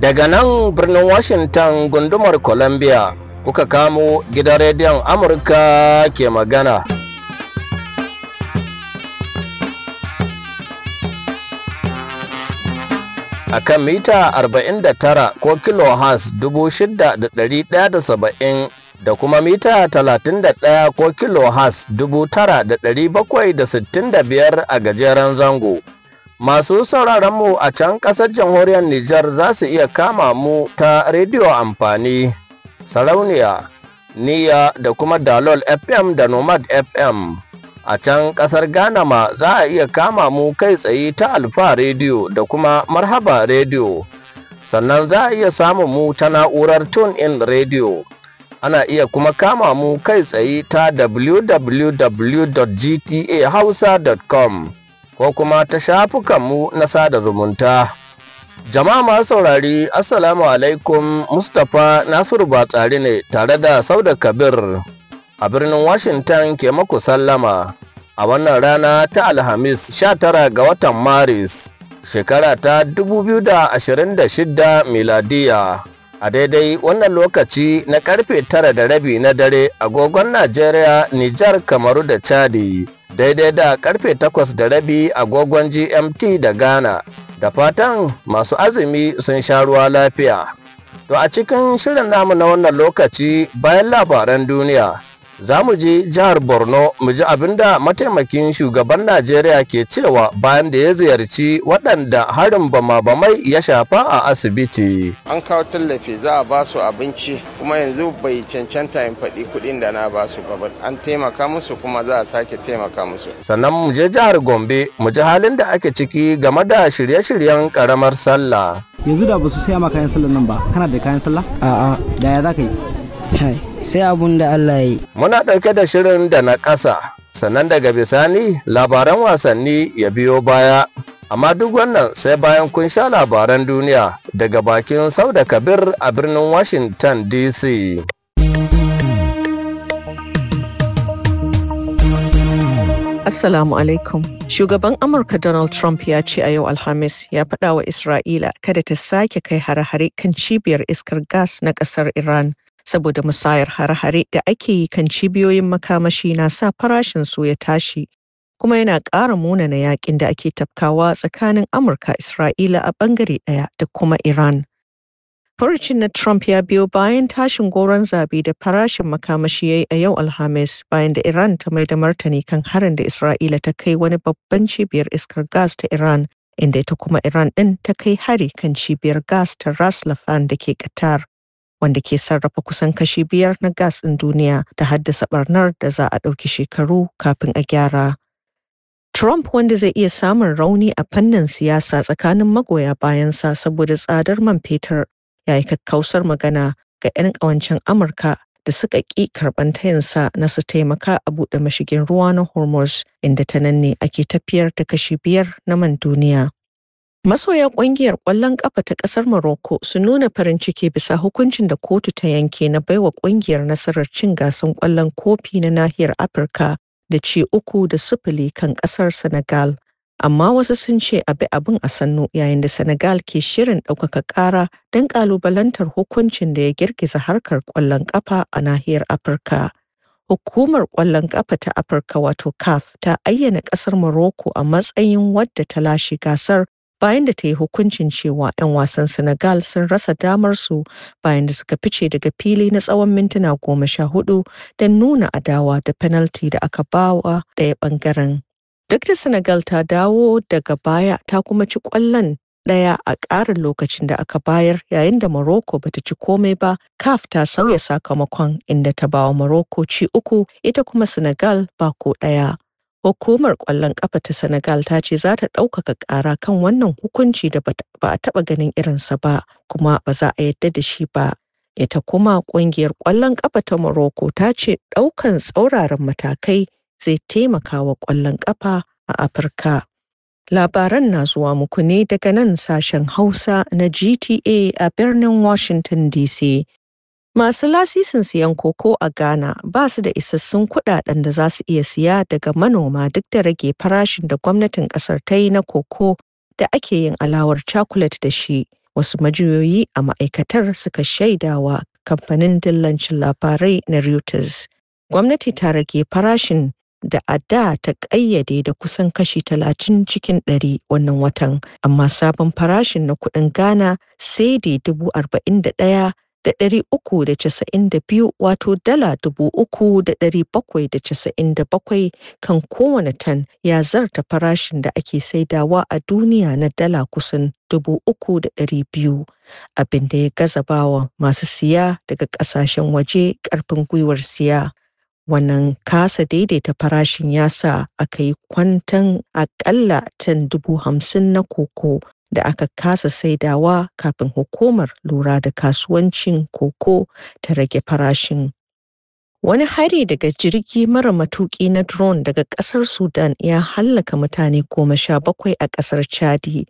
daga nan birnin washington gundumar columbia kuka kamo gidan rediyon amurka ke magana a kan mita 49 ko kilohertz 6,170 da kuma mita 31 ko kilo has 9,765 a gajeren zango. Masu sauraron mu a can ƙasar jamhuriyar Nijar za su iya kama mu ta rediyo amfani, sarauniya, niya da kuma dalol FM da nomad FM. A can ƙasar Ghana ma za a iya kama mu kai tsaye ta Alfa rediyo da kuma Marhaba rediyo. Sannan za a iya samun mu ta na'urar Tune In rediyo. ana iya kuma kama mu kai tsaye ta www.gtahausa.com ko kuma ta shafukanmu na sada zumunta. Jama'a masu saurari Assalamu alaikum Mustapha Nasiru Batsari ne tare da Sauda Kabir a birnin Washington ke maku sallama a wannan rana ta Alhamis 19 ga watan Maris shekara ta 2026 miladiya. a daidai wannan lokaci na karfe tara da rabi na dare agogon najeriya nijar kamaru da chadi daidai da karfe takwas da rabi agogon gmt da ghana da fatan masu azumi sun sha ruwa lafiya to a cikin shirin namu na wannan lokaci bayan labaran duniya za mu je jihar borno mu ji da mataimakin shugaban najeriya ke cewa bayan da ya ziyarci waɗanda harin bama-bamai ya shafa a asibiti an kawo tallafi za a ba su abinci kuma yanzu bai cancanta in faɗi kuɗin da na ba su ba an taimaka musu kuma za a sake taimaka musu sannan mu je jihar gombe mu ji halin da ake ciki game da shirye-shiryen ƙaramar sallah yanzu da ba su saya ma kayan sallah nan ba kana da kayan sallah a'a da ya za ka yi sai abun da Allah yi. Muna ɗauke da shirin da na ƙasa, sannan daga bisani labaran wasanni ya biyo baya. Amma duk wannan sai bayan kun sha labaran duniya daga bakin Sauda Kabir a birnin Washington DC. Assalamu alaikum. Shugaban Amurka Donald Trump ya ce a yau Alhamis ya faɗa wa Isra'ila kada ta sake kai hare-hare kan cibiyar iskar gas na ƙasar Iran saboda musayar hare-hare da ake yi kan cibiyoyin makamashi na sa farashin su ya tashi kuma yana ƙara munana yaƙin da ake tafkawa tsakanin Amurka Isra'ila a ɓangare ɗaya da kuma Iran. Furucin na Trump ya biyo bayan tashin goron zabe da farashin makamashi ya yi a yau Alhamis bayan da Iran ta mai da martani kan harin da Isra'ila ta kai wani babban cibiyar iskar gas ta Iran, inda ita kuma Iran ɗin ta kai hari kan cibiyar gas ta Ras Laffan da ke Qatar. wanda ke sarrafa kusan kashi biyar na gas ɗin duniya ta haddasa barnar da za a ɗauki shekaru kafin a gyara. Trump wanda zai iya samun rauni a fannin siyasa tsakanin magoya bayansa saboda tsadar man fetur ya yi kakkausar magana ga 'yan ƙawancen Amurka da suka ƙi karɓan tayinsa na su taimaka a buɗe mashigin ruwa na Hormuz inda ta nan ne ake tafiyar da kashi biyar na man duniya. Masoya ƙungiyar ƙwallon ƙafa ta ƙasar Morocco sun nuna farin ciki bisa hukuncin da kotu ta yanke na baiwa ƙungiyar nasarar cin gasan ƙwallon kofi na nahiyar Afirka da ci uku da sifili kan ƙasar Senegal. Amma wasu sun ce a bi abin a sannu yayin da Senegal ke shirin ɗaukaka ƙara don ƙalubalantar hukuncin da ya girgiza harkar ƙwallon ƙafa a nahiyar Afirka. Hukumar ƙwallon ƙafa ta Afirka wato CAF ta ayyana ƙasar Morocco a matsayin wadda ta lashe gasar bayan da ta yi hukuncin cewa 'yan wasan Senegal sun rasa damar su bayan da suka fice daga fili na tsawon mintuna goma sha hudu don nuna adawa da penalty da aka bawa ɗaya ɓangaren. Duk da Senegal ta dawo daga baya ta kuma ci ƙwallon ɗaya a ƙarin lokacin da aka bayar yayin da Morocco bata ci komai ba, CAF ta sauya sakamakon inda ta bawa Morocco ci uku ita kuma Senegal ba ko ɗaya. Hukumar ƙwallon ƙafa ta Senegal ta ce za ta ɗaukaka ƙara kan wannan hukunci da ba a taɓa ganin irinsa ba kuma ba za a yadda da shi ba. Ita kuma ƙungiyar ƙwallon ƙafa ta Morocco ta ce ɗaukan tsauraran matakai zai taimaka wa ƙwallon ƙafa a Afirka. Labaran na zuwa muku ne daga nan sashen Hausa na GTA a birnin Washington DC. Masu lasisin siyan koko a Ghana ba su da isassun kuɗaɗen da za su iya siya daga manoma duk da rage farashin da gwamnatin ƙasar ta yi na koko da ake yin alawar cakulet da shi. Wasu majiyoyi a ma'aikatar suka shaidawa kamfanin dillancin labarai na Reuters. Gwamnati ta rage farashin da a da ta ƙayyade da kusan kashi talatin cikin ɗari wannan watan, amma sabon farashin na kuɗin Ghana sai dubu arba'in da ɗaya da ɗari uku da casa'in da biyu wato dala dubu uku da ɗari bakwai da casa'in da bakwai kan kowane tan ya zarta farashin da ake saidawa a duniya na dala kusan dubu uku da ɗari biyu abin da ya gaza bawa masu siya daga ƙasashen waje ƙarfin gwiwar siya. wannan kasa daidaita farashin ya sa aka yi kwantan akalla tan dubu hamsin na koko da aka kasa saidawa kafin hukumar lura da kasuwancin koko ta rage farashin. Wani hari daga jirgi mara matuƙi na drone daga ƙasar Sudan ya hallaka mutane goma sha bakwai a ƙasar Chadi,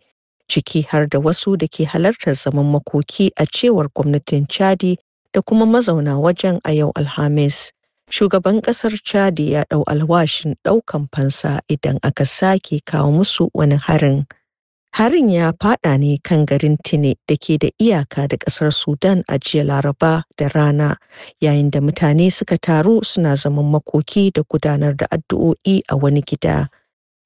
ciki har da wasu da ke halartar zaman makoki a cewar gwamnatin Chadi da kuma mazauna wajen a yau Alhamis. Shugaban ƙasar Chadi ya ɗau alwashin ɗaukan fansa idan aka sake kawo musu wani harin. Harin ya fada ne kan garin Tine da ke da iyaka da ƙasar Sudan a jiya Laraba da rana, yayin da mutane suka taru suna zaman makoki da gudanar da addu'o'i a wani gida.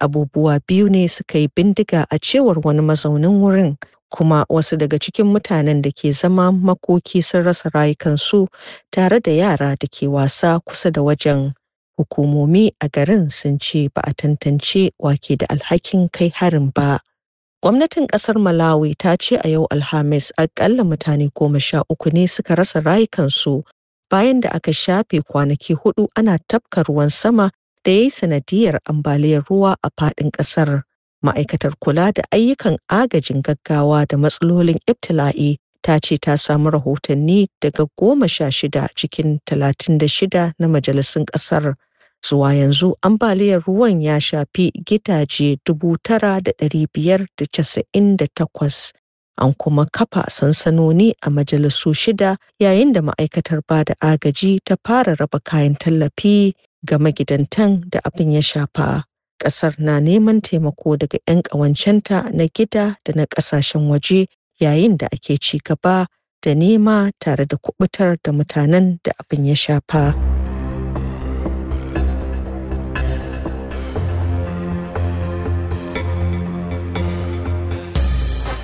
Abubuwa biyu ne suka yi bindiga a cewar wani mazaunin wurin, kuma wasu daga cikin mutanen da ke zama makoki sun rasa rayukansu tare da yara da ke wasa kusa da wajen. Hukumomi a garin sun ce ba a tantance wake da alhakin kai harin ba. Gwamnatin ƙasar Malawi ta ce a yau Alhamis aƙalla mutane goma sha uku ne suka rasa rayukansu bayan da aka shafe kwanaki hudu ana tafka ruwan sama da ya yi sanadiyar ambaliyar ruwa a faɗin ƙasar. Ma'aikatar kula da ayyukan agajin gaggawa da matsalolin ibtila'i ta ce ta samu rahotanni daga goma sha shida cikin talatin da shida na majalisun ƙasar. Zuwa yanzu ambaliyar ruwan ya shafi gidaje dubu tara da da da ɗari biyar casa'in takwas an kuma kafa sansanoni a majalisu shida yayin da ma'aikatar ba da agaji ta fara raba kayan tallafi ga magidantan da abin ya shafa. Ƙasar na neman taimako daga 'yan ƙawancenta na gida da na ƙasashen waje yayin da ake cigaba da nema tare da kuɓutar da mutanen da abin ya shafa.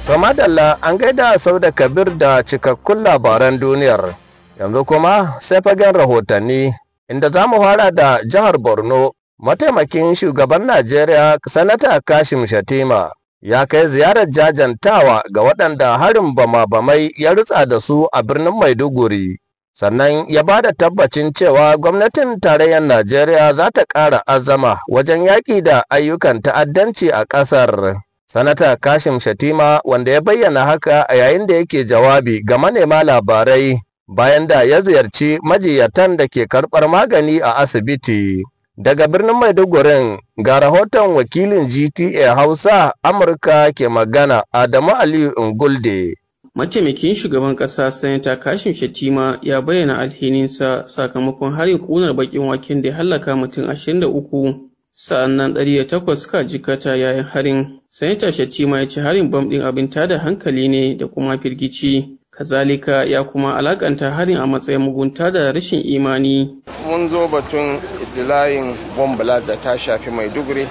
da an gaida sau da kabir da cikakkun labaran duniyar. Yanzu kuma sai fagen rahotanni inda za mu fara da jihar Borno mataimakin shugaban Najeriya sanata Kashim Shatima ya kai ziyarar jajantawa ga waɗanda harin bama-bamai ya rutsa da su a birnin Maiduguri. Sannan ya ba da tabbacin cewa gwamnatin tarayyar Najeriya za ta ƙara azama wajen yaƙi da ayyukan ta'addanci a ƙasar. Sanata Kashim Shatima wanda ya bayyana haka a yayin da yake jawabi ga manema labarai bayan da ya ziyarci majiyatan da ke karɓar magani a asibiti. Daga birnin Maiduguri ga rahoton wakilin GTA Hausa Amurka ke magana Adamu Aliyu Ingulde. Mataimakin shugaban ƙasa Sanata Kashim Shatima ya bayyana alhininsa sakamakon harin ƙunar baƙin waken da ya hallaka mutum 23 Sa'annan ɗari da takwas suka jikata yayin harin. Sanita Shettima ya ce harin bam ɗin abin tada hankali ne da kuma firgici. Kazalika ya kuma alakanta harin a matsayin mugunta da rashin imani. Mun zo batun idilayin bombala da ta shafi Maiduguri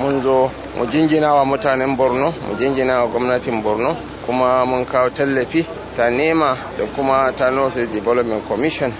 mun zo mu jingina wa mutanen borno mu jingina wa gwamnatin borno kuma mun kawo tallafi ta nema da kuma ta north development commission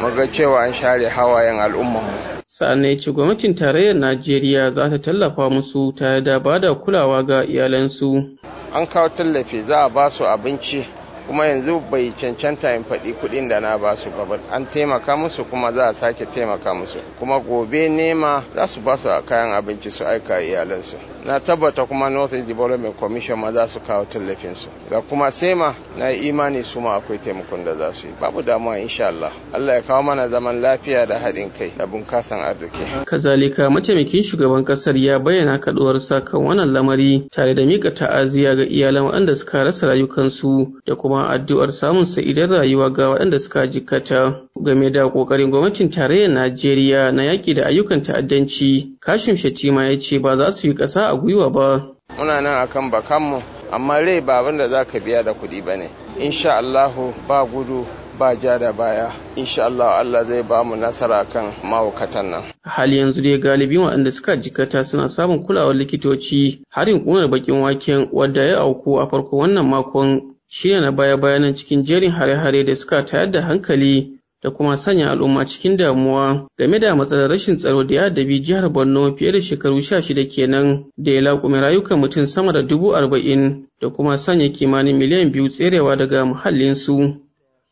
muga cewa an share hawayen al'ummarmu sa'annan ce gwamnatin tarayyar najeriya za ta tallafa musu ta da ba da kulawa ga iyalansu an kawo tallafi za a ba su abinci kuma yanzu bai cancanta in faɗi kuɗin da na ba su ba an taimaka musu kuma za a sake taimaka musu kuma gobe nema za su ba su kayan abinci su aika iyalansu na tabbata kuma north east development commission ma za su kawo tallafin su ga kuma sema na imani su ma akwai taimakon da za su yi babu damuwa insha Allah Allah ya kawo mana zaman lafiya da haɗin kai da bunkasan arziki kazalika mataimakin shugaban ƙasar ya bayyana kaduwar sa kan wannan lamari tare da mika ta'aziya ga iyalan waɗanda suka rasa rayukansu da kuma kuma addu'ar samun sa'idar rayuwa ga waɗanda suka jikata game da ƙoƙarin gwamnatin tarayyar Najeriya na yaƙi da ayyukan ta'addanci. Kashim Shatima ya ce ba za su yi ƙasa a gwiwa ba. Muna nan akan bakanmu amma rai ba abin da za ka biya da kuɗi ba ne. Insha Allahu ba gudu ba ja da baya insha Allah Allah zai ba mu nasara kan mahaukatan nan. Hali yanzu dai galibin waɗanda suka jikata suna samun kulawar likitoci harin ƙunar bakin waken wadda ya auku a farko wannan makon shine na baya-bayan cikin jerin hare-hare da suka tayar da hankali da kuma sanya al'umma cikin damuwa game da matsalar rashin tsaro da ya addabi jihar Borno fiye da shekaru sha shida kenan da ya laƙume rayukan mutum sama da dubu arba'in da kuma sanya kimanin miliyan biyu tserewa daga muhallinsu.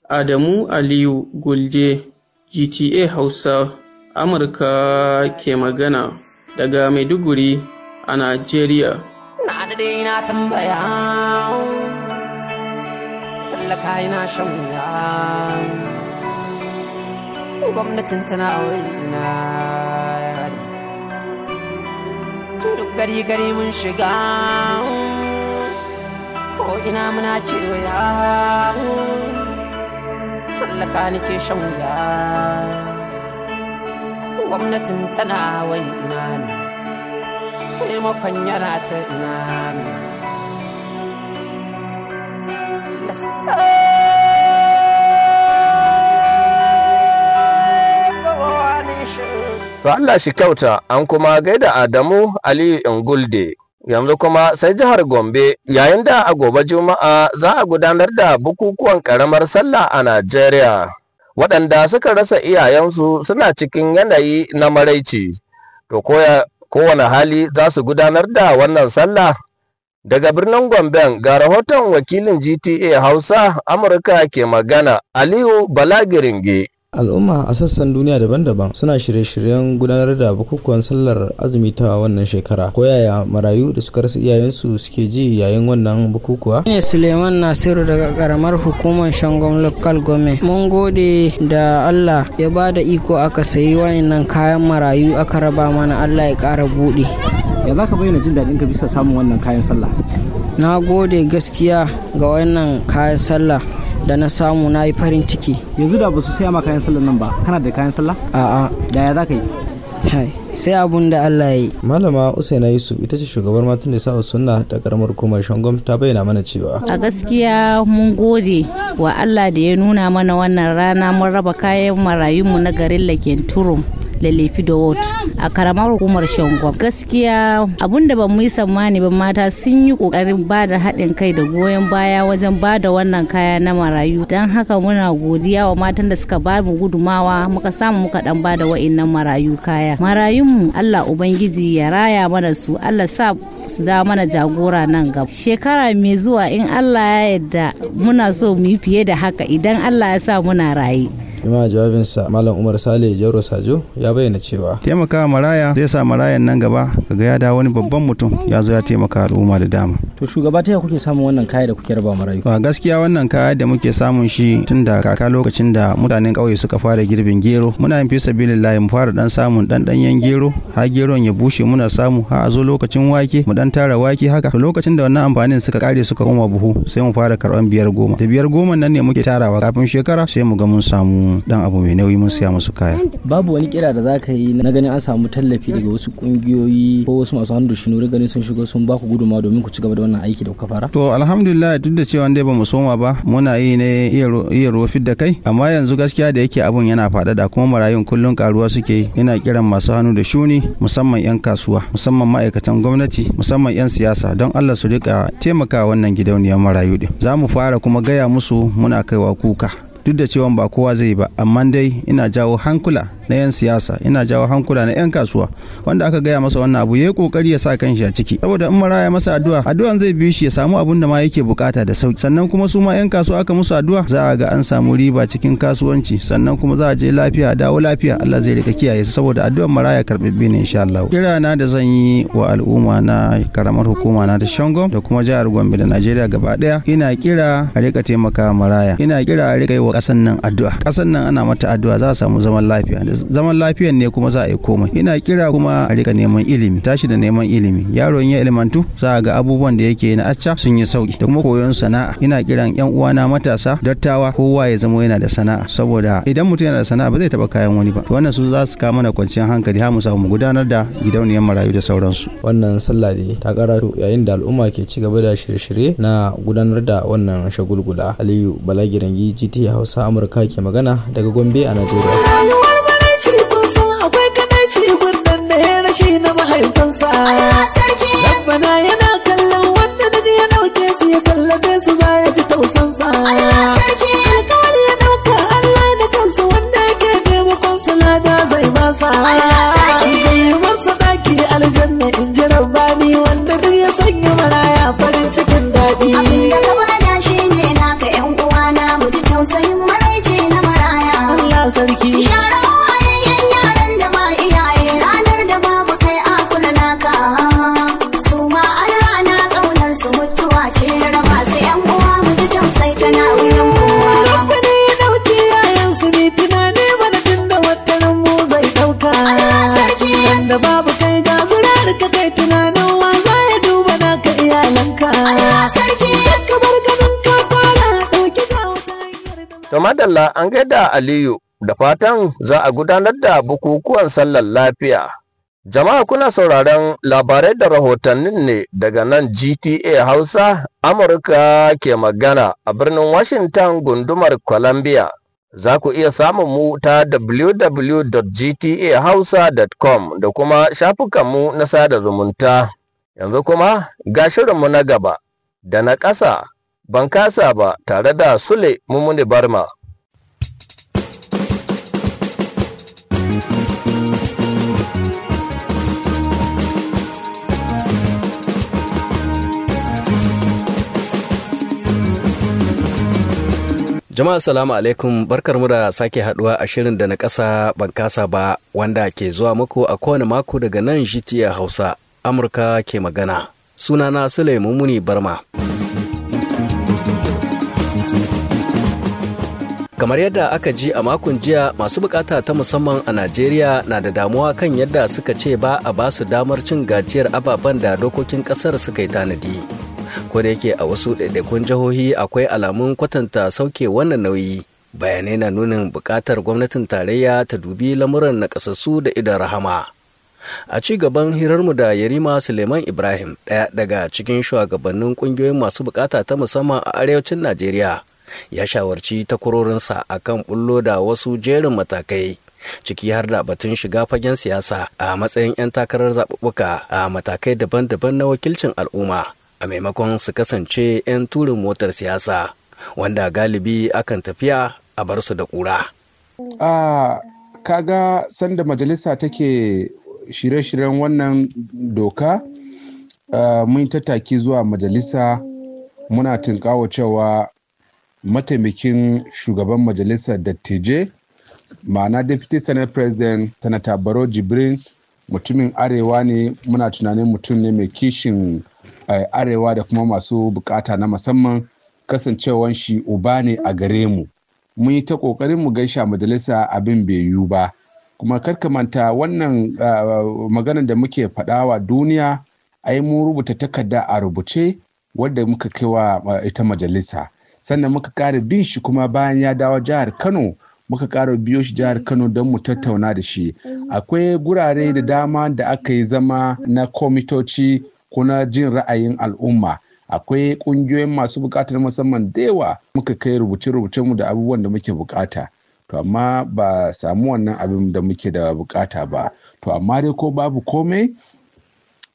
Adamu Aliyu Gulje, GTA Hausa, Amurka ke magana daga Maiduguri a Najeriya. Na da na tambaya. tsallaka na shan wuya gwamnatin tana aure na duk gari gari mun shiga ko ina muna kewaya tsallaka nake shan wuya gwamnatin tana waina ne taimakon yana ta ina ne To Allah shi kyauta an kuma gaida Adamu Aliyu Ingulde. Yanzu kuma sai jihar Gombe yayin da a gobe Juma'a za a gudanar da bukukuwan karamar sallah a Najeriya. Waɗanda suka rasa iyayensu suna cikin yanayi na maraici. To koya kowane hali za su gudanar da wannan sallah. Daga birnin Gomben ga rahoton wakilin GTA Hausa Amurka ke magana Aliyu Balagiringe. al'umma a sassan duniya daban-daban suna shirye-shiryen gudanar da bukukuwan sallar azumi ta wannan shekara ko yaya marayu da suka rasa iyayensu suke ji yayin wannan bukukuwa ne suleiman nasiru daga karamar hukumar shangon local gome mun gode da allah ya ba da iko aka sayi wannan kayan marayu aka raba mana allah ya kara buɗe ya za ka bayyana jin daɗin ka bisa samun wannan kayan sallah na gode gaskiya ga wannan kayan sallah da na samu na yi farin ciki yanzu da ba su saya kayan sallah nan ba kana da kayan sallah a'a da ya za ka yi sai abun da Allah ya yi. Malama Usaina Yusuf ita ce shugabar matan da sa'a sunna ta karamar hukumar Shangom ta bayyana mana cewa. A gaskiya mun gode wa Allah da ya nuna mana wannan rana mun raba kayan mu na garin Laken Turum. lalefi da wot a karamar hukumar shangon gaskiya abun da ba mu yi tsammani ba mata sun yi kokarin ba da haɗin kai da goyon baya wajen ba da wannan kaya na marayu don haka muna godiya wa matan da suka ba mu gudumawa muka samu muka dan ba da wa'innan marayu kaya marayun mu Allah ubangiji ya raya mana su Allah sa su da mana jagora nan gaba shekara mai zuwa in Allah ya yadda muna so mu yi fiye da haka idan Allah ya sa muna raye ima jawabinsa malam umar sale jauro sajo ya bayyana cewa taimaka maraya zai sa marayan nan gaba kaga ya da wani babban mutum ya zo ya taimaka al'umma da dama to shugaba ta kuke samun wannan kaya da kuke raba marayu a gaskiya wannan kaya da muke samun shi tun da kaka lokacin da mutanen kauye suka fara girbin gero muna yin fisa sabilillahi mu fara dan samun dan danyen gero ha geron ya bushe muna samu ha a zo lokacin wake mu dan tara wake haka to lokacin da wannan amfanin suka kare suka koma buhu sai mu fara karban biyar goma da biyar goma nan ne muke tarawa kafin shekara sai mu ga mun samu dan abu mai nauyi mun siya musu kaya babu wani kira da zaka yi na ganin an samu tallafi daga wasu kungiyoyi ko wasu masu hannu da shinuri ganin sun shigo sun baku gudunmawa domin ku ci gaba da wannan aiki da kuka fara to alhamdulillah duk da cewa dai bamu soma ba muna yi ne iya rofi da kai amma yanzu gaskiya da yake abun yana faɗaɗa kuma marayun kullun karuwa suke ina kiran masu hannu da shuni musamman 'yan kasuwa musamman ma'aikatan gwamnati musamman 'yan siyasa don allah su rika taimaka wannan gidauniyar marayu din za mu fara kuma gaya musu muna kaiwa kuka duk da cewa ba kowa zai ba amma dai ina jawo hankula na 'yan siyasa ina jawo hankula na 'yan kasuwa wanda aka gaya masa wannan abu ya yi kokari ya sa shi a ciki saboda in maraya masa addu'a addu'an zai biyo shi ya samu abin da ma yake bukata da sauki sannan kuma su ma 'yan kasuwa aka musu addu'a za a ga an samu riba cikin kasuwanci sannan kuma za a je lafiya dawo lafiya Allah zai rika kiyaye su saboda addu'an maraya karɓaɓɓe ne insha Allah kira na da zan yi wa al'umma na karamar hukuma na ta Shango da kuma jihar Gombe da Najeriya gaba daya ina kira a rika taimaka maraya ina kira a rika yi wa ƙasan nan addu'a nan ana mata addu'a za a samu zaman lafiya zaman lafiyan ne kuma za a yi komai ina kira kuma a rika neman ilimi tashi da neman ilimi yaro ya ilimantu za ga abubuwan da yake na acca sun yi sauki da kuma koyon sana'a ina kiran yan uwana matasa dattawa kowa ya zama yana da sana'a saboda idan mutum yana da sana'a ba zai taba kayan wani ba wannan su za su ka mana kwanciyar hankali har mu samu mu gudanar da gidauniyar marayu da sauransu wannan sallah ne ta karatu yayin da al'umma ke ci gaba da shirye-shirye na gudanar da wannan shagulgula aliyu balagirangi gt hausa amurka ke magana daga gombe a najeriya shi na mahaifinsa rabbana yana kallon wanda da ya dauke su ya kallabe su za ya ji tausansa alkawari ya dauka Allah da kansa wanda yake taimakon su lada zai masa zai yi masa daki aljanna in ji rabbani wanda duk ya sanya maraya farin cikin daɗi abin da ka shi yan uwana mu ji tausayin maraice na maraya Allah sarki Allah an gaida Aliyu da fatan za a gudanar da bukukuwan sallar lafiya. Jama'a kuna sauraron labarai da rahotannin ne daga nan GTA Hausa, Amurka ke magana a birnin Washington gundumar Columbia. Za ku iya samun mu ta www.gtahausa.com da kuma shafukanmu na sada zumunta. Yanzu kuma ga shirinmu na gaba da na ƙasa ban kasa ba tare da Sule Mumuni Barma. Jama'a salamu alaikum barkar mu da sake haduwa a shirin da na kasa ban kasa ba wanda ke zuwa muku a kowane mako daga nan jitiya Hausa Amurka ke magana. Sunana Sulaimu Muni Barma. Kamar yadda aka ji a makon jiya masu bukata ta musamman a Najeriya na da damuwa kan yadda suka ce ba a basu damar cin gajiyar ababen da dokokin kasar suka yi tanadi. ko da yake a wasu ɗaiɗaikun jihohi akwai alamun kwatanta sauke wannan nauyi bayanai na nunin buƙatar gwamnatin tarayya ta dubi lamuran nakasassu da idan rahama a ci gaban hirarmu da yarima suleiman ibrahim ɗaya daga cikin shugabannin ƙungiyoyin masu buƙata ta musamman a arewacin najeriya ya shawarci takwarorinsa a kan ɓullo da wasu jerin matakai ciki har da batun shiga fagen siyasa a matsayin 'yan takarar zaɓuɓɓuka a matakai daban-daban na wakilcin al'umma a maimakon su kasance 'yan turin motar siyasa wanda galibi akan tafiya a bar su da kura. a kaga sanda majalisa take shirye-shiryen wannan doka mun tattaki zuwa majalisa muna tunkawa cewa mataimakin shugaban majalisar dattijai ma'ana deputy senate president tana baro jibrin mutumin arewa ne muna tunanin mutum ne mai kishin Eh, arewa da kuma masu bukata na musamman kasancewan shi uba ne a gare mu mun yi ta kokarin mu gaisha majalisa abin bai yiwu ba kuma karkamanta manta wannan eh, maganar da muke faɗawa duniya ai mun rubuta takarda a rubuce wadda muka kai wa eh, ita majalisa sannan muka ƙara bin shi kuma bayan ya dawo jihar kano muka ƙara biyo shi jihar kano don mu tattauna da shi akwai gurare da dama da aka yi zama na komitoci kuna jin ra'ayin al'umma akwai ƙungiyoyin masu buƙatar musamman da yawa muka kai rubuce mu da abubuwan da muke buƙata to amma ba samu wannan abin da muke da buƙata ba to amma dai ko babu komai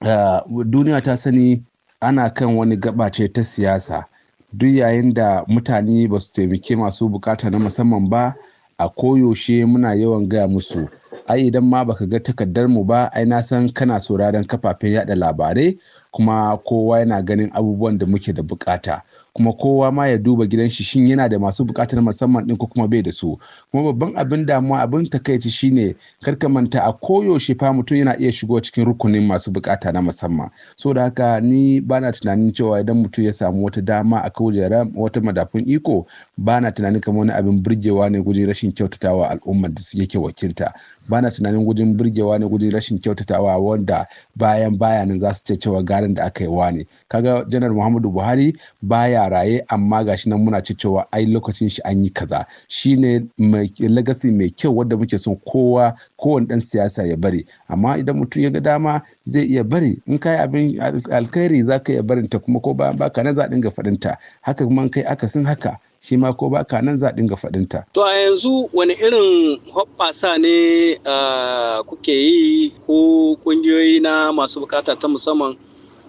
ah, duniya ta sani ana kan wani gabace ta siyasa duk yayin da mutane ba su taimake masu buƙata na musamman ba a koyaushe muna yawan gaya musu ai idan ma baka ga takardar mu ba ai na san kana sauraron kafafen yada labarai kuma kowa yana ganin abubuwan da muke da bukata kuma kowa ma ya duba gidan shi shin yana da masu bukatar musamman din ko kuma bai da su kuma babban abin damuwa abin takaici shine karka manta a koyaushe fa mutum yana iya shigo cikin rukunin masu bukata na musamman saboda haka ni bana tunanin cewa idan mutum ya samu wata dama a kaujera wata madafun iko bana tunanin kamar wani abin burgewa ne gujin rashin kyautatawa al'ummar da yake wakilta bana tunanin gujin burgewa ne gujin rashin kyautatawa wanda bayan bayanan za su ce cewa garin da aka yi wa ne kaga janar muhammadu buhari baya a raye amma shi nan muna ci cewa ai lokacin shi an yi kaza shi ne legacy mai kyau wadda muke son kowa kowane dan siyasa ya bari amma idan mutum ya ga dama zai iya bari in kai abin alkhairi za ka iya barinta kuma ko ba ka nan za dinga faɗinta haka kuma kai akasin haka shi ma ko ba ka nan za dinga faɗinta. To a yanzu wani irin hoɓɓasa ne ah, kuke yi ko ƙungiyoyi na masu bukata ta musamman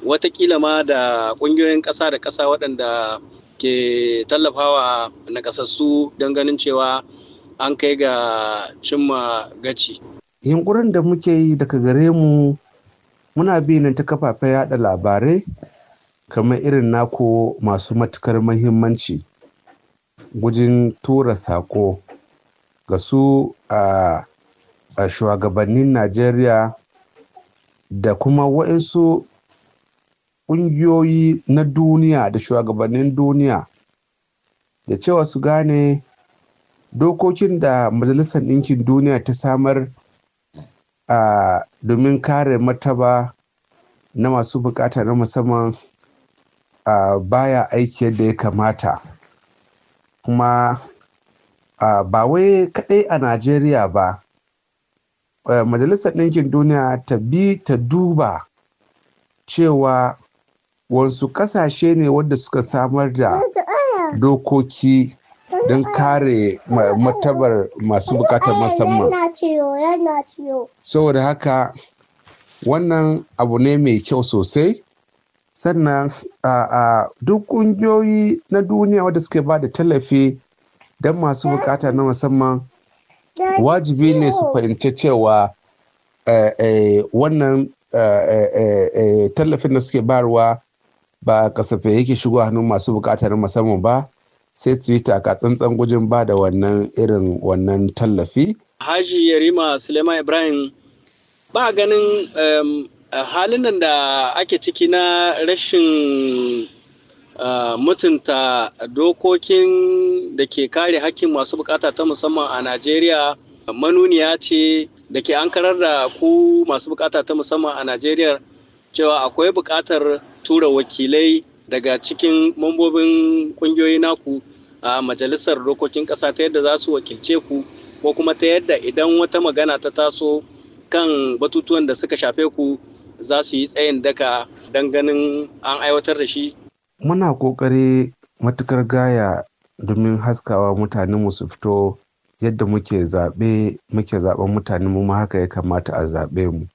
watakila ma da ƙungiyoyin ƙasa da ƙasa waɗanda ke tallafawa nakasassu don ganin cewa an kai ga cimma gaci. Yunƙurin da muke yi daga gare mu muna binin ta kafafen yada labarai kamar irin nako masu matukar mahimmanci gujin tura sako ga su a shugabannin najeriya da kuma waɗansu ƙungiyoyi na duniya da shugabannin duniya da cewa su gane dokokin da majalisar ɗinkin duniya ta samar a domin kare martaba na masu bukata na musamman a baya aiki yadda ya kamata kuma ba wai kadai a najeriya ba eh, majalisar ɗinkin duniya ta bi ta duba cewa wasu kasashe ne wanda suka samar da dokoki don kare matabar masu bukatar musamman saboda haka wannan abu ne mai kyau sosai sannan a duk ƙungiyoyi na duniya wadda suke ba da tallafi don masu bukata na musamman wajibi ne su fahimci cewa eh, eh, wannan eh, tallafin da suke barwa ba kasafe yake shigo hannun masu bukatar musamman ba sai Twitter ka tsantsan gujin ba da wannan irin wannan tallafi. Haji Yarima Suleiman Ibrahim ba ganin um, halin nan da ake ciki na rashin uh, mutunta dokokin da ke kare hakkin masu bukata ta musamman a Najeriya manuniya ce da ke ankarar da ku masu bukata ta musamman a Najeriya cewa akwai bukatar tura wakilai daga cikin mambobin kungiyoyi naku a majalisar dokokin ƙasa ta yadda za su wakilce ku ko kuma ta yadda idan wata magana ta taso kan batutuwan da suka shafe ku za su yi tsayin daka don ganin an aiwatar da shi? Muna ƙoƙari matukar gaya domin haskawa mutanenmu su fito yadda muke zaɓe muke zaɓen mutane mu haka ya kamata a zaɓe mu.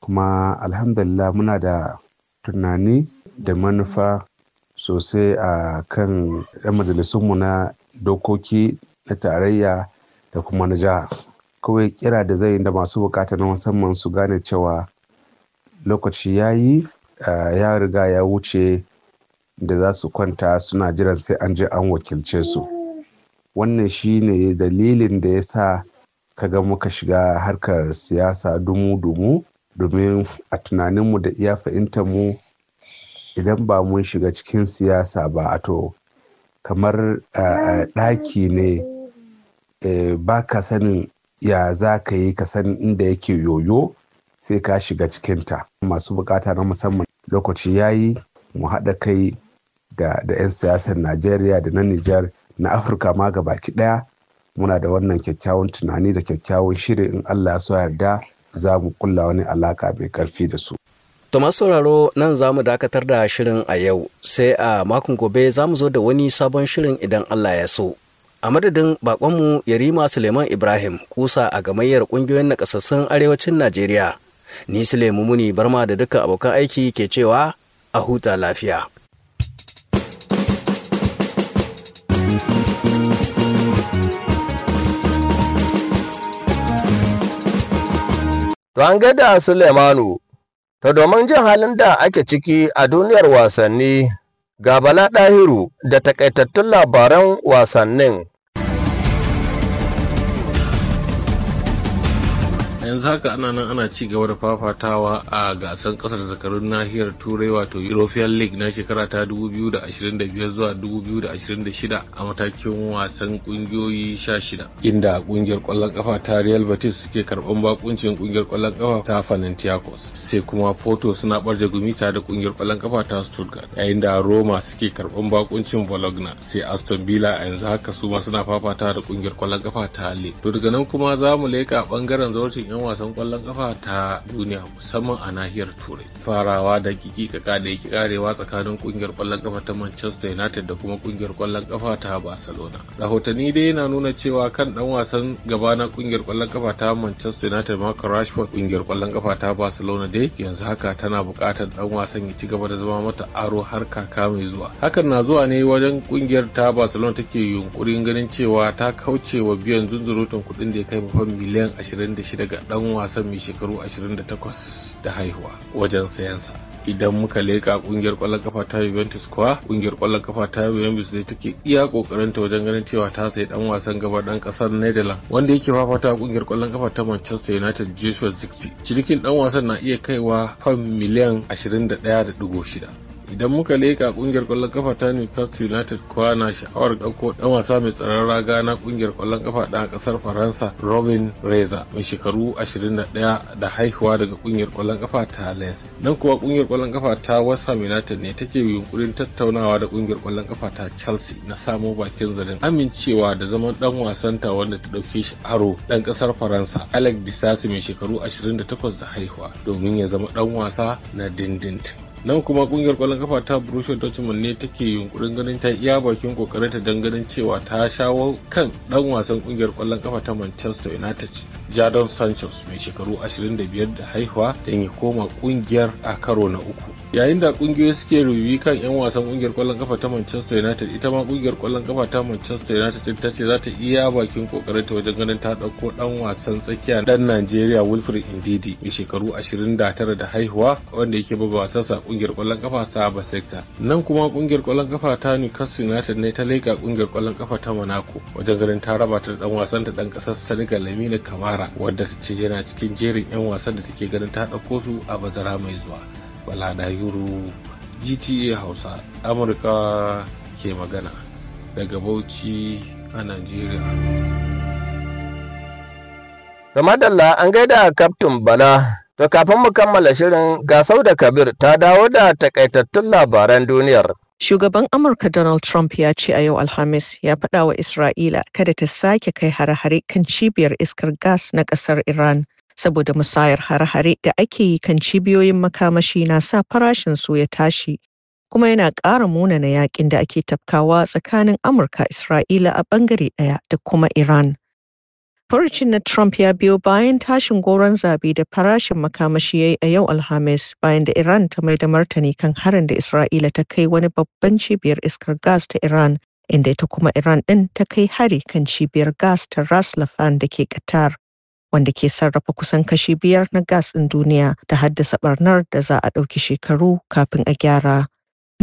Kuma alhamdulillah muna da tunani da manufa sosai a kan 'yan majalisunmu na dokoki na tarayya da kuma na jiha kawai kira da zai da masu bukata na musamman su gane cewa lokaci ya yi ya riga ya wuce da za su kwanta suna jiran sai an je an wakilce su wannan shi ne dalilin da ya sa ka ga muka shiga harkar siyasa dumu-dumu domin a tunaninmu da iya fahimta mu idan ba mun shiga cikin siyasa ba a to kamar ah, ɗaki ne eh, ba ka sanin ya za ka yi ka san inda yake yoyo sai ka shiga cikinta masu bukata na musamman lokaci ya yi mu haɗa kai da 'yan siyasar najeriya da na nijar na afirka ma gabaki ɗaya muna da wannan kyakkyawan tunani da kyakkyawan shirin in allah ya so yarda za mu kulla wani alaka mai karfi da su. To sauraro nan za mu dakatar da shirin a yau sai a makon gobe za mu zo da wani sabon shirin idan Allah ya so. A madadin bakonmu Yarima Suleiman Ibrahim kusa a gamayyar ƙungiyoyin nakasassun arewacin Najeriya. Ni Suleiman Muni Barma da dukkan abokan aiki ke cewa a huta lafiya. To an Suleimanu, to domin jin halin da ake ciki a duniyar wasanni ga Bala Ɗahiru da takaitattun labaran wasannin. yanzu haka ana nan ana ci gaba da fafatawa a gasar kasar zakarun nahiyar turai wato european league na shekara ta 2025 zuwa 2026 a matakin wasan kungiyoyi 16 inda kungiyar kwallon kafa ta real batis suke karban bakuncin kungiyar kwallon kafa ta fanantiakos sai kuma Porto suna barje gumi tare da kungiyar kwallon kafa ta Stuttgart yayin da Roma suke karban bakuncin Bologna sai Aston Villa a yanzu haka su ma suna fafata da kungiyar kwallon kafa ta Lille to daga nan kuma za mu leka bangaren zaurin 'yan wasan kwallon kafa ta duniya musamman a nahiyar turai farawa da kikikaka da yake karewa tsakanin kungiyar kwallon kafa ta manchester united da kuma kungiyar kwallon kafa ta barcelona rahotanni dai yana nuna cewa kan dan wasan gaba na kungiyar kwallon kafa ta manchester united Mark rashford kungiyar kwallon kafa ta barcelona dai yanzu haka tana bukatar dan wasan ya ci gaba da zama mata aro har kaka mai zuwa hakan na zuwa ne wajen kungiyar ta barcelona take yunkurin ganin cewa ta kauce wa biyan zunzurutun kuɗin da ya kai mafan miliyan 26 ga dan wasan mai shekaru 28 da haihuwa wajen sayansa idan muka leƙa kungiyar ƙwallon kafa ta Juventus kuwa kungiyar kwallon kafa ta Juventus ne take iya kokarinta wajen ganin cewa ta sayi dan wasan gaba dan ƙasar Netherlands wanda yake fafata a kungiyar ƙwallon kafa ta Manchester United Joshua Zirkzee cinikin dan wasan na iya kaiwa fam miliyan 21.6 idan muka leka kungiyar kwallon kafa ta Newcastle United kuwa sha'awar dauko dan wasa mai tsaron raga na kungiyar kwallon kafa da kasar Faransa Robin Reza mai shekaru 21 da haihuwa daga kungiyar kwallon kafa ta Lens nan kuwa kungiyar kwallon kafa ta wasa United ne take yunkurin tattaunawa da kungiyar kwallon kafa ta Chelsea na samo bakin zarin amincewa da zaman dan wasanta wanda ta dauke shi aro dan kasar Faransa Alex Disasi mai shekaru 28 da haihuwa domin ya zama dan wasa na dindindin nan kuma kungiyar kwallon kafa ta Borussia Dortmund ne take yunkurin ganin ta iya bakin kokarin ta don ganin cewa ta shawo kan dan wasan kungiyar kwallon kafa ta Manchester United Jadon Sanchez mai shekaru 25 da haihuwa don ya koma kungiyar a karo na uku yayin da kungiyoyi suke rubi kan yan wasan kungiyar kwallon kafa ta Manchester United ita ma kungiyar kwallon kafa ta Manchester United ta ce za ta iya bakin kokarin ta wajen ganin ta dauko dan wasan tsakiya dan nigeria Wilfred Ndidi mai shekaru 29 da haihuwa wanda yake buga wasansa kungiyar kwallon kafa ta Basekta. Nan kuma kungiyar kwallon kafa ta Newcastle United ne ta leka kungiyar kwallon kafa ta Monaco wajen garin ta raba ta dan wasan ta dan kasar Senegal Lamine Kamara wadda ta ce yana cikin jerin yan wasan da take ganin ta dauko su a bazara mai zuwa. Bala da Yuro GTA Hausa Amurka ke magana daga Bauchi a Najeriya. Ramadalla an gaida Kaftin Bala To kafin mu kammala shirin ga da Kabir ta dawo da takaitattun labaran duniyar. Shugaban Amurka Donald Trump ya ce a yau Alhamis ya faɗa wa Isra'ila kada ta sake kai hare-hare kan cibiyar iskar gas na ƙasar Iran. Saboda musayar hare-hare da ake yi kan cibiyoyin makamashi na sa farashin su ya tashi kuma yana ƙara munana yaƙin da ake tafkawa tsakanin Amurka Isra'ila a ɓangare ɗaya da kuma Iran. Furucin na Trump ya biyo bayan tashin goron zabe da farashin makamashi ya yi a yau Alhamis bayan da Iran ta mai da martani kan harin da Isra'ila ta kai wani babban cibiyar iskar gas ta Iran, inda ita kuma Iran ɗin ta kai hari kan cibiyar gas ta Ras Laffan da ke Qatar, wanda ke sarrafa kusan kashi biyar na gas ɗin duniya ta haddasa barnar da za a ɗauki shekaru kafin a gyara.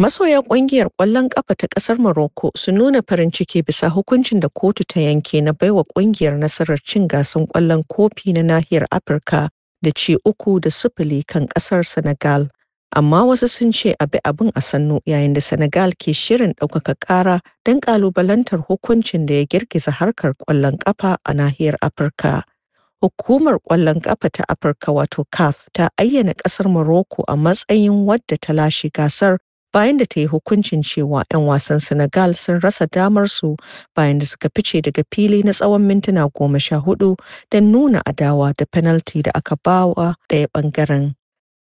Masoya ƙungiyar ƙwallon ƙafa ta ƙasar Morocco sun nuna farin ciki bisa hukuncin da kotu ta yanke na baiwa ƙungiyar nasarar cin gasan ƙwallon kofi na nahiyar Afirka da ci uku da sifili kan ƙasar Senegal. Amma wasu sun ce abi abin a sannu yayin da Senegal ke shirin ɗaukaka ƙara don ƙalubalantar hukuncin da ya girgiza harkar ƙwallon ƙafa a nahiyar Afirka. Hukumar ƙwallon ƙafa ta Afirka wato CAF ta ayyana ƙasar Morocco a matsayin wadda ta lashe gasar bayan da ta yi hukuncin cewa 'yan wasan Senegal sun rasa damar su bayan da suka fice daga fili na tsawon mintuna goma sha hudu don nuna adawa da penalty da aka bawa daya ɓangaren.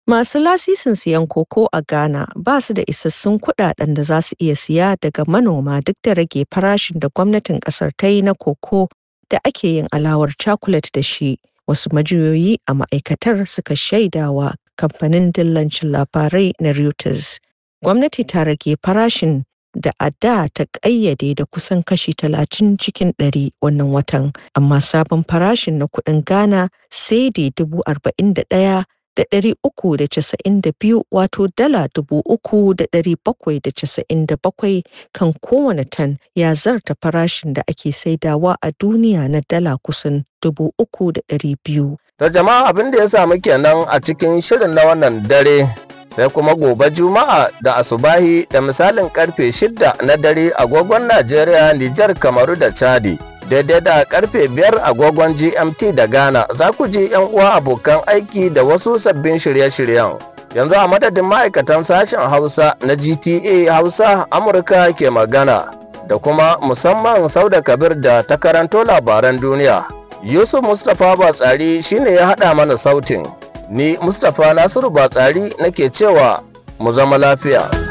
Masu lasisin siyan koko a Ghana ba su da isassun kuɗaɗen da za su iya siya daga manoma duk da rage farashin da gwamnatin ƙasar ta yi na koko da ake yin alawar cakulet da shi. Wasu majiyoyi a ma'aikatar suka shaidawa kamfanin dillancin labarai na Reuters. Gwamnati ta rage farashin da a da ta ƙayyade da kusan kashi talatin cikin ɗari wannan watan, amma sabon farashin na kuɗin Ghana sai dai dubu arba'in da ɗaya da ɗari uku da casa'in da biyu wato dala dubu uku da ɗari bakwai da casa'in da bakwai kan kowane tan ya zarta farashin da ake saidawa a duniya na dala kusan dubu uku da ɗari biyu. Da jama'a abin da ya samu kenan a cikin shirin na wannan dare sai kuma gobe juma'a da asubahi da misalin karfe shidda na dare agogon najeriya nijar kamaru da chadi daidai da karfe biyar agogon gmt da ghana za ku ji yan uwa abokan aiki da wasu sabbin shirye-shiryen yanzu a madadin ma'aikatan sashen hausa na gta hausa amurka ke magana da kuma musamman sauda kabir da ta karanto labaran duniya yusuf mustapha batsari shine ya haɗa mana sautin ni mustapha nasiru batsari nake cewa mu zama lafiya